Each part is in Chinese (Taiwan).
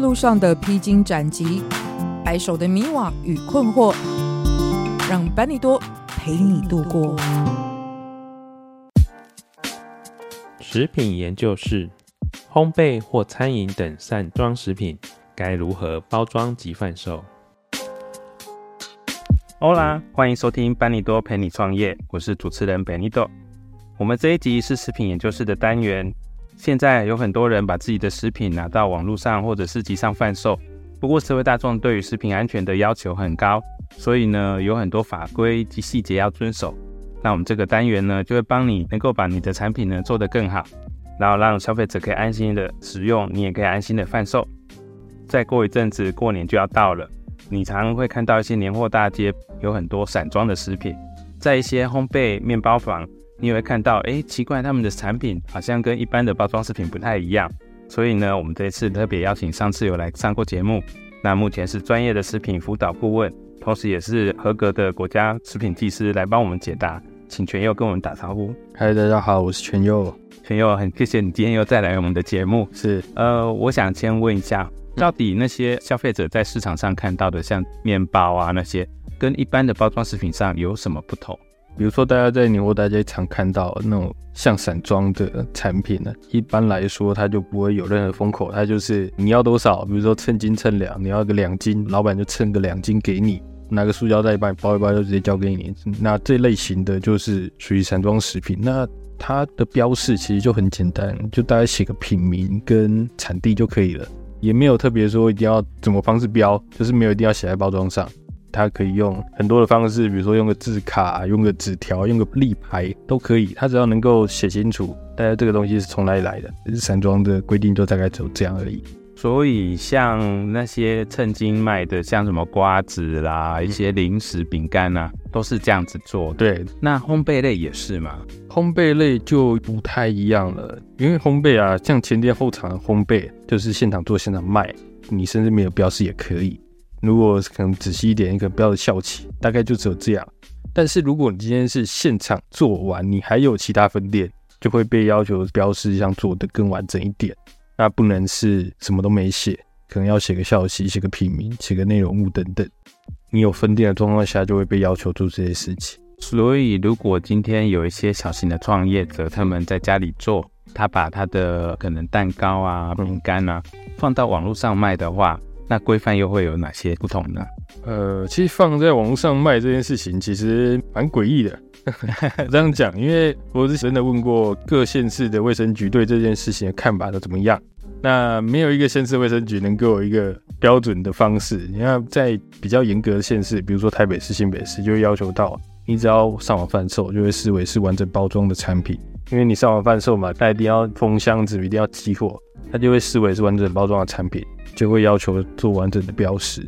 路上的披荊斬棘，白手的迷惘與困惑，讓班尼多陪你度過。食品研究室，烘焙或餐飲等散裝食品該如何包裝及販售？Hola，歡迎收聽班尼多陪你創業，我是主持人班尼多。我們這一集是食品研究室的單元。現在有很多人把自己的食品拿到網絡上或者市集上販售，不過社會大眾對於食品安全的要求很高，所以呢，有很多法規及細節要遵守。那我們這個單元呢，就會幫你能夠把你的產品呢做得更好，然後讓消費者可以安心的使用，你也可以安心的販售。再過一陣子，過年就要到了，你常會看到一些年貨大街有很多散裝的食品，在一些烘焙麵包房，你也會看到，哎、欸，奇怪，他們的產品好像跟一般的包裝食品不太一樣。所以呢，我們這一次特別邀請上次有來上過節目，那目前是專業的食品輔導顧問，同時也是合格的國家食品技師來幫我們解答。請詮佑跟我們打招呼。嗨，大家好，我是詮佑。詮佑，很謝謝你今天又再來我們的節目。是，呃，我想先問一下，到底那些消費者在市場上看到的，像麵包啊那些，跟一般的包裝食品上有什麼不同？比如說，大家在寧波大街常看到那種像散裝的產品呢，一般來說它就不會有任何封口，它就是你要多少，比如說稱斤稱兩，你要個兩斤，老板就稱個兩斤給你，拿個塑膠袋幫你包一包就直接交給你。那這類型的就是屬於散裝食品，那它的標示其實就很簡單，就大概寫個品名跟產地就可以了，也沒有特別說一定要怎麼方式標，就是沒有一定要寫在包裝上。它可以用很多的方式，比如說用個字卡、用個紙條、用個立牌都可以。它只要能夠寫清楚，大家這個東西是從哪裡來的，散裝的規定就大概只有這樣而已。所以像那些稱斤賣的，像什麼瓜子啦、一些零食、餅乾啦，都是這樣子做的。對，那烘焙類也是嗎？烘焙類就不太一樣了，因為烘焙啊，像前店後廠的烘焙，就是現場做現場賣，你甚至沒有標示也可以。如果可能仔細一點，一個標的效期，大概就只有這樣。但是如果你今天是現場做完，你還有其他分店，就會被要求標示像做的更完整一點，那不能是什麼都沒寫，可能要寫個效期，寫個品名，寫個內容物等等。你有分店的狀況下，就會被要求做這些事情。所以如果今天有一些小型的創業者，他們在家裡做，他把他的可能蛋糕啊、餅乾啊放到網絡上賣的話，那規範又會有哪些不同呢？呃，其實放在網上賣這件事情其實蠻詭異的， 這樣講，因為我是真的問過各縣市的衛生局對這件事情的看法都怎麼樣，那沒有一個縣市衛生局能夠有一個標準的方式。你看，在比較嚴格的縣市，比如說臺北市、新北市，就會要求到你只要上網販售，就會視為是完整包裝的產品，因為你上網販售嘛，他一定要封箱子，一定要激活，它就會視為是完整包裝的產品。就會要求做完整的標示。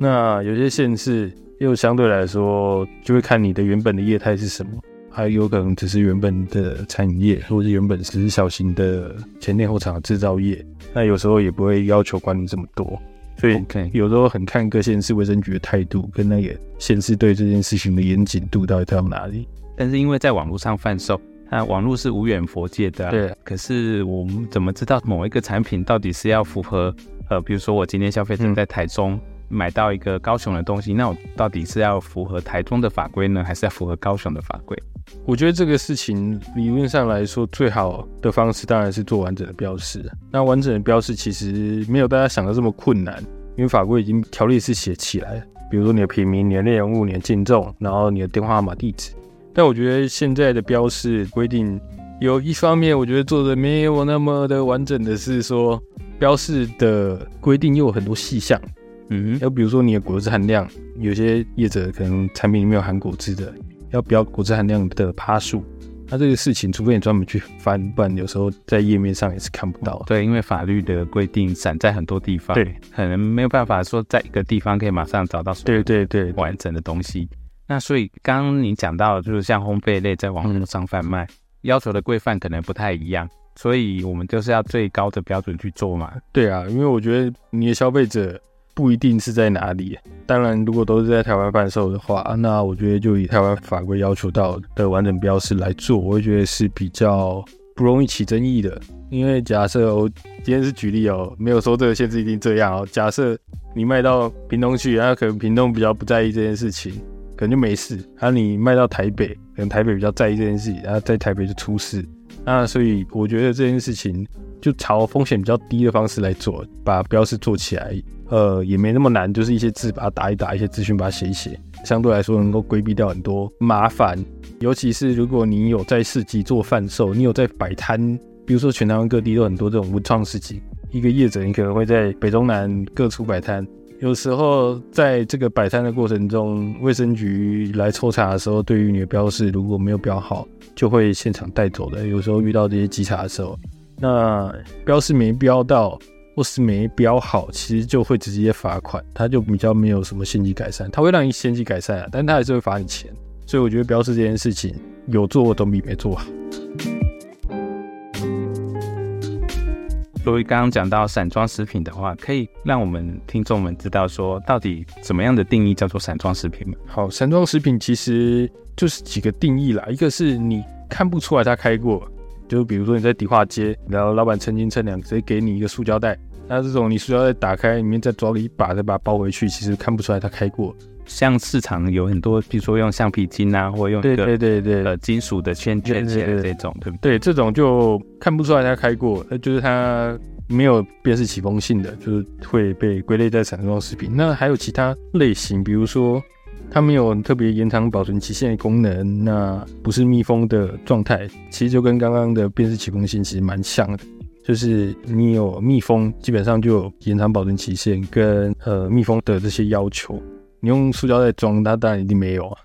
那有些縣市又相對來說，就會看你的原本的業態是什麼，還有可能只是原本的餐飲業，或者原本只是小型的前店後廠製造業。那有時候也不會要求管你這麼多，所以、OK、有時候很看各縣市衛生局的態度跟那個縣市對這件事情的嚴謹度到底到哪裡。但是因為在網絡上販售，那網絡是無遠弗屆的、啊，對。可是我們怎麼知道某一個產品到底是要符合？呃，比如說我今天消費者在台中買到一個高雄的東西，嗯，那我到底是要符合台中的法規呢，還是要符合高雄的法規？我覺得這個事情理論上來說，最好的方式當然是做完整的標示。那完整的標示其實沒有大家想的這麼困難，因為法規已經條例是寫起來了，比如說你的品名、你的內容物、你的淨重，然後你的電話號碼、地址。但我覺得現在的標示規定有一方面，我覺得做的沒有那麼的完整的是說。標示的規定又有很多細項，嗯，要比如說你的果汁含量，有些業者可能產品裡面有含果汁的，要標果汁含量的趴數。那這個事情，除非你專門去翻，不然有時候在頁面上也是看不到。對，因為法律的規定散在很多地方，對，可能沒有辦法說在一個地方可以馬上找到所有對對對完整的東西。對對對對，那所以剛剛你講到，就是像烘焙類在網絡上販賣，嗯，要求的規範可能不太一樣。所以，我們就是要最高的標準去做嘛。對啊，因為我覺得你的消費者不一定是在哪裡。當然，如果都是在台灣販售的話，啊，那我覺得就以台灣法規要求到的完整標示來做，我會覺得是比較不容易起爭議的。因為假設我今天是舉例哦，喔，沒有說這個限制一定這樣哦，喔。假設你賣到屏東去，啊，那可能屏東比較不在意這件事情，可能就沒事。然後你賣到台北，可能台北比較在意這件事情，然後在台北就出事。那所以我覺得這件事情就朝風險比較低的方式來做，把標示做起來，呃，也沒那麼難，就是一些字把它打一打，一些資訊把它寫一寫，相對來說能夠規避掉很多麻煩。尤其是如果你有在市集做販售，你有在擺攤，比如說全台灣各地都有很多這種文創市集，一個業者你可能會在北中南各處擺攤。有時候在這個擺攤的過程中，衛生局來抽查的時候，對於你的標示如果沒有標好，就會現場帶走的。有時候遇到這些稽查的時候，那標示沒標到，或是沒標好，其實就會直接罰款，他就比較沒有什麼限期改善，他會讓你限期改善啊，但他還是會罰你錢。所以我覺得標示這件事情有做總比沒做好。所以剛剛講到散裝食品的話，可以讓我們聽眾們知道說，到底怎麼樣的定義叫做散裝食品嗎？好，散裝食品其實就是幾個定義啦，一個是你看不出來它開過，就是、比如說你在迪化街，然後老闆稱斤稱兩，直接給你一個塑膠袋，那這種你塑膠袋打開裡面再裝了一把，再把它包回去，其實看不出來它開過。像市場有很多，比如說用橡皮筋啊，或用對對對對呃金屬的圈圈起來這種，對不對？對，這種就看不出來它開過，那就是它沒有辨識啟封性的，就是會被歸類在散裝食品。那還有其他類型，比如說它沒有特別延長保存期限的功能，那不是密封的狀態，其實就跟剛剛的辨識啟封性其實蠻像的，就是你有密封，基本上就有延長保存期限跟呃密封的這些要求。你用塑膠袋裝，那當然一定沒有啊。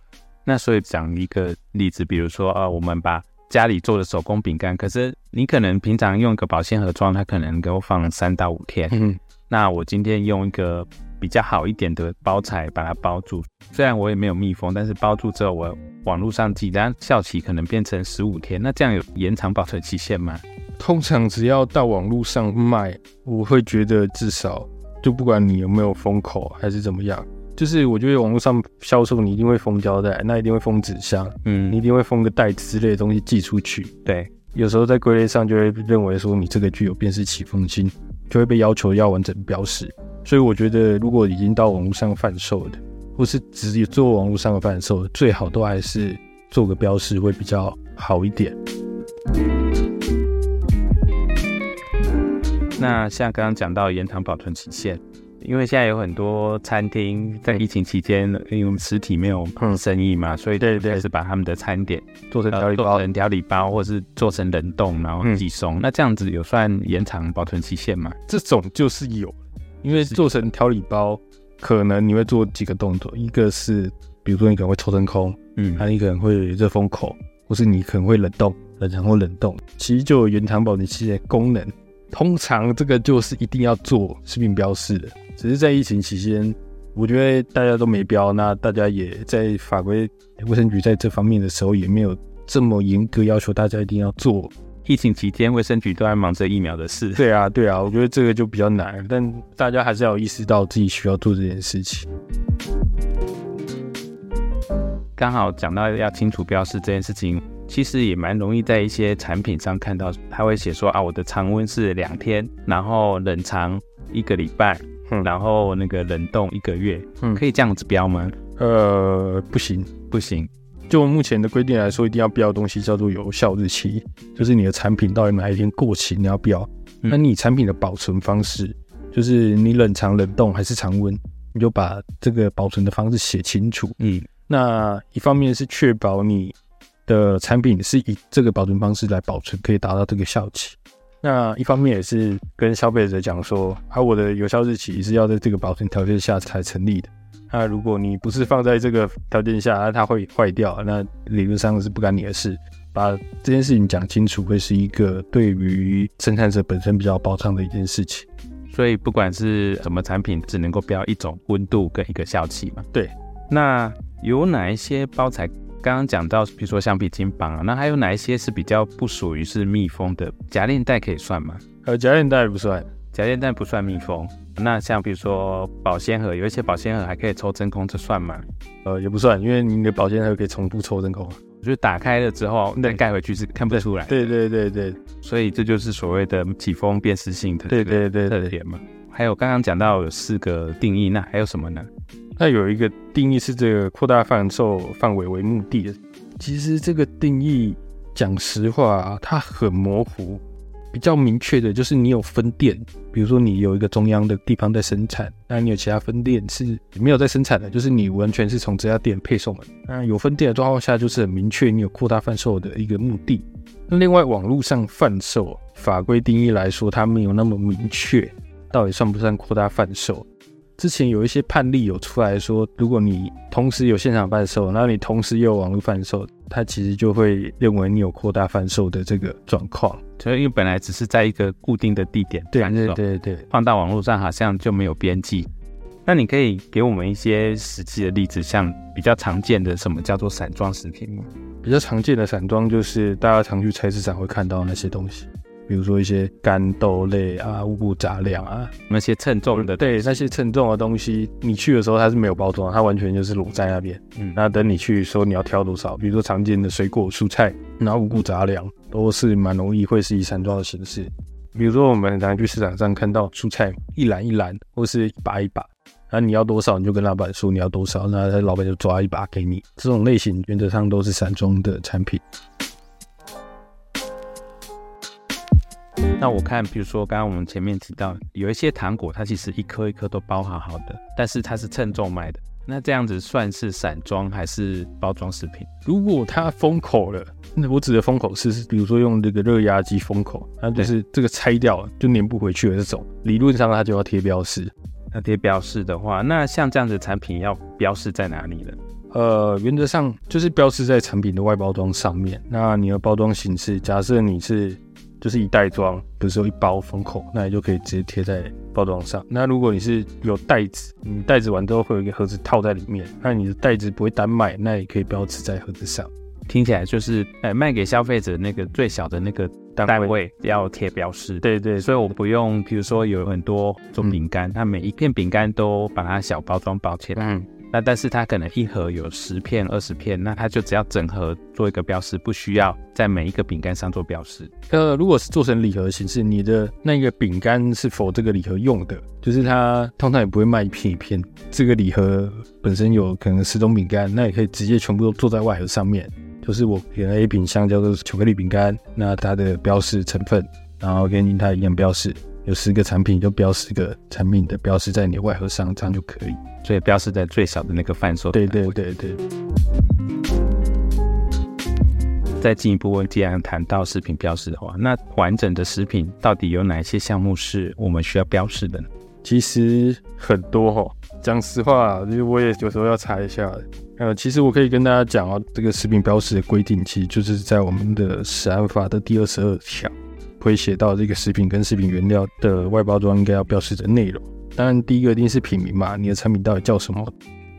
那所以講一個例子，比如說啊，我們把家裡做的手工餅乾，可是你可能平常用一個保鮮盒裝，它可能給我放三到五天。 那我今天用一個比較好一點的包材把它包住，雖然我也沒有密封，但是包住之後，我網絡上寄，單效期可能變成十五天。那這樣有延長保存期限嗎？通常只要到網絡上賣，我會覺得至少就不管你有沒有封口還是怎麼樣。就是我覺得網絡上銷售，你一定會封膠帶，那一定會封紙箱，嗯，你一定會封個袋子之類的東西寄出去。對，有時候在歸類上就會認為說你這個具有辨識起封性，就會被要求要完整標示。所以我覺得，如果已經到網絡上販售的，或是只有做網絡上的販售，最好都還是做個標示會比較好一點。那像剛剛講到延長保存期限。因為現在有很多餐廳在疫情期間，因為實體沒有生意嘛，嗯、所以對對是把他們的餐點對對對做成調理包，成調理包，或者是做成冷凍然後寄送，嗯。那這樣子有算延長保存期限嗎？這種就是有，因為做成調理包，可能你會做幾個動作，一個是比如說你可能會抽真空，嗯，還有你可能會熱封口，或是你可能會冷凍，冷藏然後冷凍，其實就有延長保存期限的功能。通常這個就是一定要做食品標示的，只是在疫情期間，我覺得大家都沒標，那大家也在法規衛生局在這方面的時候也沒有這麼嚴格要求大家一定要做。疫情期間，衛生局都在忙着疫苗的事。對啊，對啊，我覺得這個就比較難，但大家還是要意識到自己需要做這件事情。剛好講到要清楚標示這件事情。其實也蠻容易在一些產品上看到，他會寫說啊，我的常溫是兩天，然後冷藏一個禮拜，嗯，然後那個冷凍一個月，嗯，可以這樣子標嗎？呃，不行，不行。就目前的規定來說，一定要標的東西叫做有效日期，就是你的產品到底哪一天過期你要標。嗯，那你產品的保存方式，就是你冷藏、冷凍還是常溫，你就把這個保存的方式寫清楚。嗯，那一方面是確保你。的產品是以這個保存方式來保存，可以達到這個效期。那一方面也是跟消費者講說，啊，我的有效日期是要在這個保存條件下才成立的。那如果你不是放在這個條件下，那它會壞掉。那理論上是不干你的事。把這件事情講清楚，會是一個對於生產者本身比較保障的一件事情。所以，不管是什麼產品，只能夠標一種溫度跟一個效期嘛？對。那有哪一些包材？剛剛講到，比如說橡皮筋綁啊，那還有哪一些是比較不屬於是密封的？夾鏈袋可以算嗎？呃，夾鏈袋也不算，夾鏈袋不算密封。那像比如說保鮮盒，有一些保鮮盒還可以抽真空，這算嗎？呃，也不算，因為你的保鮮盒可以重複抽真空。我覺得打開了之後那再蓋回去是看不出來。對對，對對對對，所以這就是所謂的啟封辨識性的對對對特點嘛。對對對對對對。還有剛剛講到有四個定義，那還有什麼呢？那有一個定義是這個擴大販售範圍為目的的。其實這個定義講實話啊，它很模糊。比較明確的就是你有分店，比如說你有一個中央的地方在生產，那你有其他分店是沒有在生產的，就是你完全是從這家店配送的。那有分店的狀況下，就是很明確你有擴大販售的一個目的。那另外網絡上販售法規定義來說，它沒有那麼明確。到底算不算擴大販售？之前有一些判例有出來說，如果你同時有現場販售，然後你同時又有網絡販售，他其實就會認為你有擴大販售的這個狀況。所以，因為本來只是在一個固定的地點，對對對對，放到網絡上好像就沒有邊際。那你可以給我們一些實際的例子，像比較常見的什麼叫做散裝食品嗎？比較常見的散裝就是大家常去菜市場會看到那些東西。比如說一些乾豆類啊、五穀雜糧啊，那些稱重的東西，對那些稱重的東西，你去的時候它是沒有包裝，它完全就是裸在那邊。嗯，那等你去說你要挑多少，比如說常見的水果、蔬菜，然後五穀雜糧都是蠻容易會是以散裝的形式。比如說我們常常去市場上看到蔬菜一籃一籃，或是一把一把，然後你要多少你就跟老闆說你要多少，那老闆就抓一把給你。這種類型原則上都是散裝的產品。那我看，比如說，剛剛我們前面提到，有一些糖果，它其實一顆一顆都包好好的，但是它是稱重賣的。那這樣子算是散裝還是包裝食品？如果它封口了，那我指的封口是，比如說用這個熱壓機封口，那就是這個拆掉了就粘不回去了這種。理論上它就要貼標示。那貼標示的話，那像這樣子的產品要標示在哪裡呢？呃，原則上就是標示在產品的外包裝上面。那你的包裝形式，假設你是。就是一袋裝，比如說一包封口，那你就可以直接貼在包裝上。那如果你是有袋子，你袋子完之後會有一個盒子套在裡面，那你的袋子不會單賣，那也可以標示在盒子上。聽起來就是，哎、欸，賣給消費者那個最小的那個單位要貼標示。對，對對，所以我不用，比如說有很多種餅乾，那、嗯、每一片餅乾都把它小包裝包起來。嗯。那但是它可能一盒有十片、二十片，那它就只要整盒做一個標示，不需要在每一個餅乾上做標示。那，如果是做成禮盒形式，你的那個餅乾是否這個禮盒用的，就是它通常也不會賣一片一片。這個禮盒本身有可能十種餅乾，那也可以直接全部都做在外盒上面。就是我給了一瓶香蕉的巧克力餅乾，那它的標示成分，然後跟它的營養標示。有十個產品就標十個產品的標示在你外盒上，這樣就可以。所以標示在最少的那個範疇。對對對對。再進一步問，既然談到食品標示的話，那完整的食品到底有哪些項目是我們需要標示的呢？其實很多哦。講實話，因為我也有時候要查一下。呃，其實我可以跟大家講哦，這個食品標示的規定其實就是在我們的《食安法》的第二十二條。會寫到這個食品跟食品原料的外包裝應該要標示的內容。當然，第一個一定是品名嘛，你的產品到底叫什麼？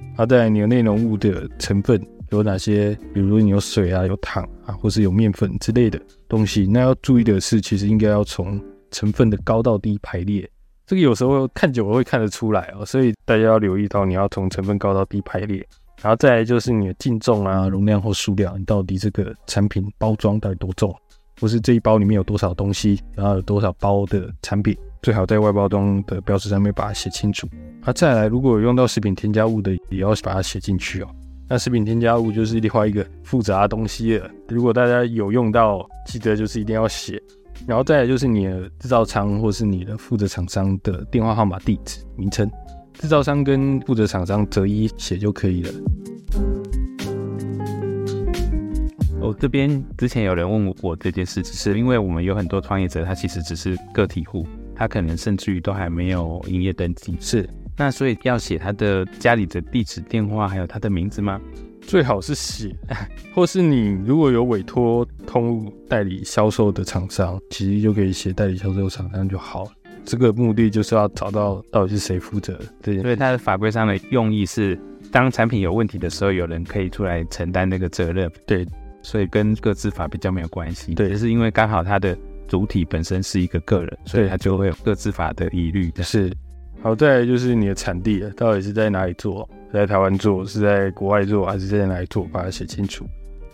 然後再來，你的內容物的成分有哪些？比如你有水啊、有糖啊，或是有麵粉之類的東西。那要注意的是，其實應該要從成分的高到低排列。這個有時候看久了會看得出來哦，所以大家要留意到，你要從成分高到低排列。然後再來就是你的淨重啊、容量或數量，你到底這個產品包裝到底多重啊？不是，這一包裡面有多少東西，然後有多少包的產品，最好在外包裝的標識上面把它寫清楚。啊，那再來，如果有用到食品添加物的，也要把它寫進去哦。那食品添加物就是另外一個複雜的東西了。如果大家有用到，記得就是一定要寫。然後再來就是你的製造商或是你的負責廠商的電話號碼、地址、名稱，製造商跟負責廠商擇一寫就可以了。我這邊之前有人問我這件事，是因為我們有很多創業者，他其實只是個體戶，他可能甚至於都還沒有營業登記。是，那所以要寫他的家裡的地址、電話，還有他的名字嗎？最好是寫，或是你如果有委託通路代理銷售的廠商，其實就可以寫代理銷售廠商就好。這個目的就是要找到到底是誰負責，對。所以它的法規上的用意是，當產品有問題的時候，有人可以出來承擔那個責任。對。所以跟個資法比較沒有關係，對，對就是因為剛好它的主體本身是一個個人，所以它就會有個資法的疑慮。是，好，再來就是你的產地了，到底是在哪裡做？在台灣做，是在國外做，還是在哪裡做？把它寫清楚。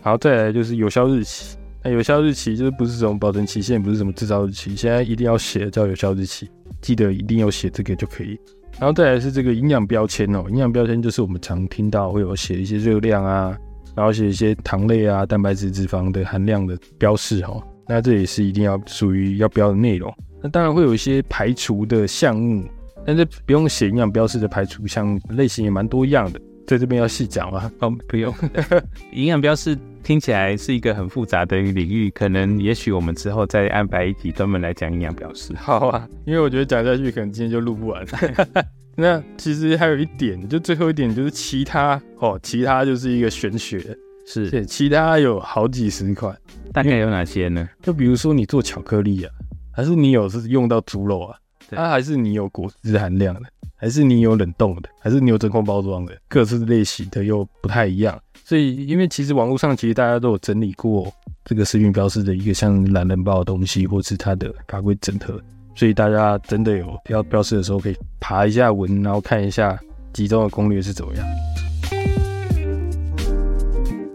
好，再來就是有效日期，那有效日期就是不是什麼保存期限，不是什麼製造日期，現在一定要寫叫有效日期，記得一定要寫這個就可以。然後再來是這個營養標籤哦，營養標籤就是我們常聽到會有寫一些熱量啊。然後寫一些糖類啊、蛋白質、脂肪的含量的標示哈、哦，那這也是一定要屬於要標的內容。那當然會有一些排除的項目，但是不用寫營養標示的排除項目，類型也蠻多樣的，在這邊要細講啊，哦、oh，不用， 營養標示。聽起來是一個很複雜的領域，可能也許我們之後再安排一集專門來講營養標示。好啊，因為我覺得講下去可能今天就錄不完了。 那其實還有一點，就最後一點就是其他哦，其他就是一個玄學，是其他有好幾十款，大概有哪些呢？就比如說你做巧克力啊，還是你有是用到豬肉啊，它、啊、還是你有果汁含量的，還是你有冷凍的，還是你有真空包裝的，各式類型的又不太一樣。所以，因為其實網絡上其實大家都有整理過這個食品標示的一個像懶人包的東西，或者是它的法規整合，所以大家真的有要標示的時候，可以爬一下文，然後看一下集中的攻略是怎麼樣。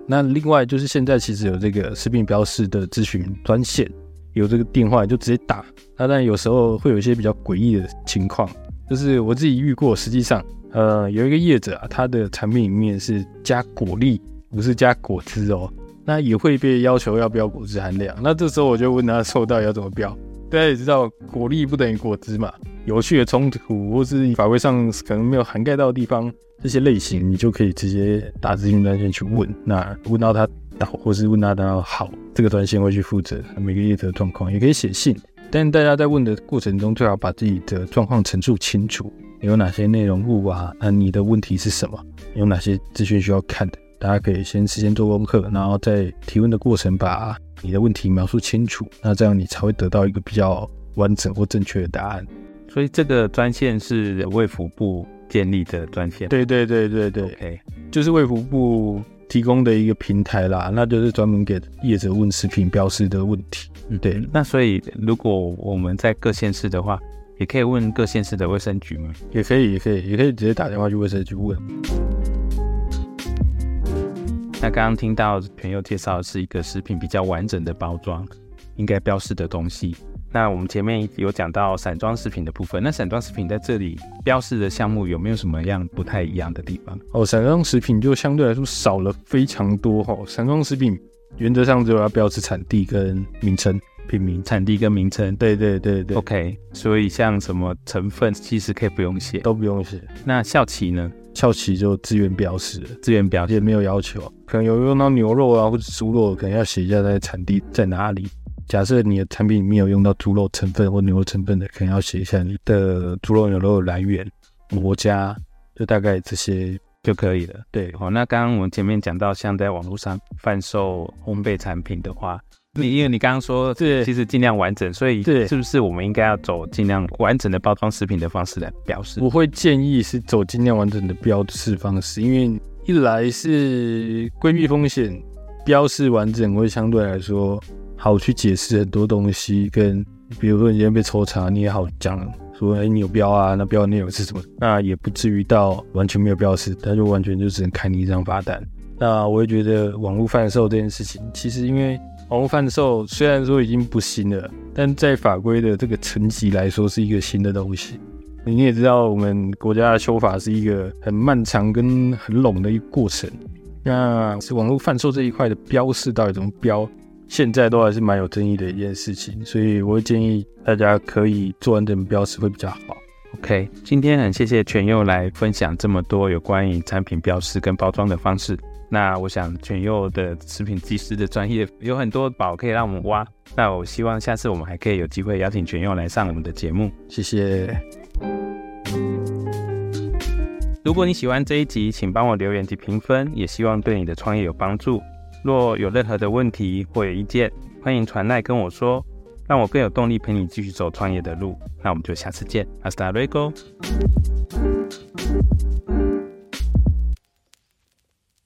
那另外就是現在其實有這個食品標示的諮詢專線，有這個電話就直接打。那但有時候會有一些比較詭異的情況，就是我自己遇過，實際上。呃，有一個業者啊，他的產品裡面是加果粒，不是加果汁哦。那也會被要求要標果汁含量。那這時候我就問他，受到要怎麼標？大家也知道，果粒不等於果汁嘛。有趣的衝突或是法規上可能沒有涵蓋到的地方，這些類型你就可以直接打諮詢專線去問。那問到他到或是問到他到好，這個專線會去負責每個業者的狀況。也可以寫信，但大家在問的過程中，最好把自己的狀況陳述清楚。有哪些內容物啊？那你的問題是什麼？有哪些資訊需要看的？大家可以先事先做功課，然後在提問的過程把你的問題描述清楚。那這樣你才會得到一個比較完整或正確的答案。所以這個專線是衛福部建立的專線。對對對對對，OK，就是衛福部提供的一個平台啦，那就是專門給業者問食品標示的問題。嗯，對。那所以如果我們在各縣市的話，也可以問各縣市的衛生局嗎？也可以，也可以，也可以直接打電話去衛生局問。那剛剛聽到朋友介紹的是一個食品比較完整的包裝，應該標示的東西。那我們前面有講到散裝食品的部分，那散裝食品在這裡標示的項目有沒有什麼樣不太一樣的地方？哦，散裝食品就相對來說少了非常多，哦，散裝食品原則上只有要標示產地跟名稱。品名、產地跟名稱，對，對對對對。OK，所以像什麼成分其實可以不用寫，都不用寫。那效期呢？效期就自願表示，自願表示沒有要求。可能有用到牛肉啊或者豬肉，可能要寫一下它的產地在哪裡。假設你的產品沒有用到豬肉成分或牛肉成分的，可能要寫一下你的豬肉、牛肉的來源、國家，就大概這些就可以了。對，好。那剛剛我們前面講到，像在網絡上販售烘焙產品的話。你因為你剛剛說，其實盡量完整，所以對，是不是我們應該要走盡量完整的包裝食品的方式來標示？我會建議是走盡量完整的標示方式，因為一來是規避風險，標示完整會相對來說好去解釋很多東西，跟比如說你今天被抽查，你也好講說哎，你有標啊，那標的內容是什麼？那也不至於到完全沒有標示，他就完全就只能開你一張罰單。那我也覺得網絡販售這件事情，其實因為。網絡販售雖然說已經不新了，但在法規的這個層級來說是一個新的東西。你也知道，我們國家的修法是一個很漫長跟很籠的一個過程。那是網絡販售這一塊的標示到底怎麼標，現在都還是蠻有爭議的一件事情。所以我會建議大家可以做完整標示會比較好。OK，今天很謝謝詮佑來分享這麼多有關於產品標示跟包裝的方式。那我想詮佑的食品技師的專業有很多寶可以讓我們挖。那我希望下次我們還可以有機會邀請詮佑來上我們的節目。謝謝。如果你喜歡這一集，請幫我留言及評分，也希望對你的創業有幫助。若有任何的問題或有意見，歡迎傳 Line 跟我說，讓我更有動力陪你繼續走創業的路。那我們就下次見，Hasta luego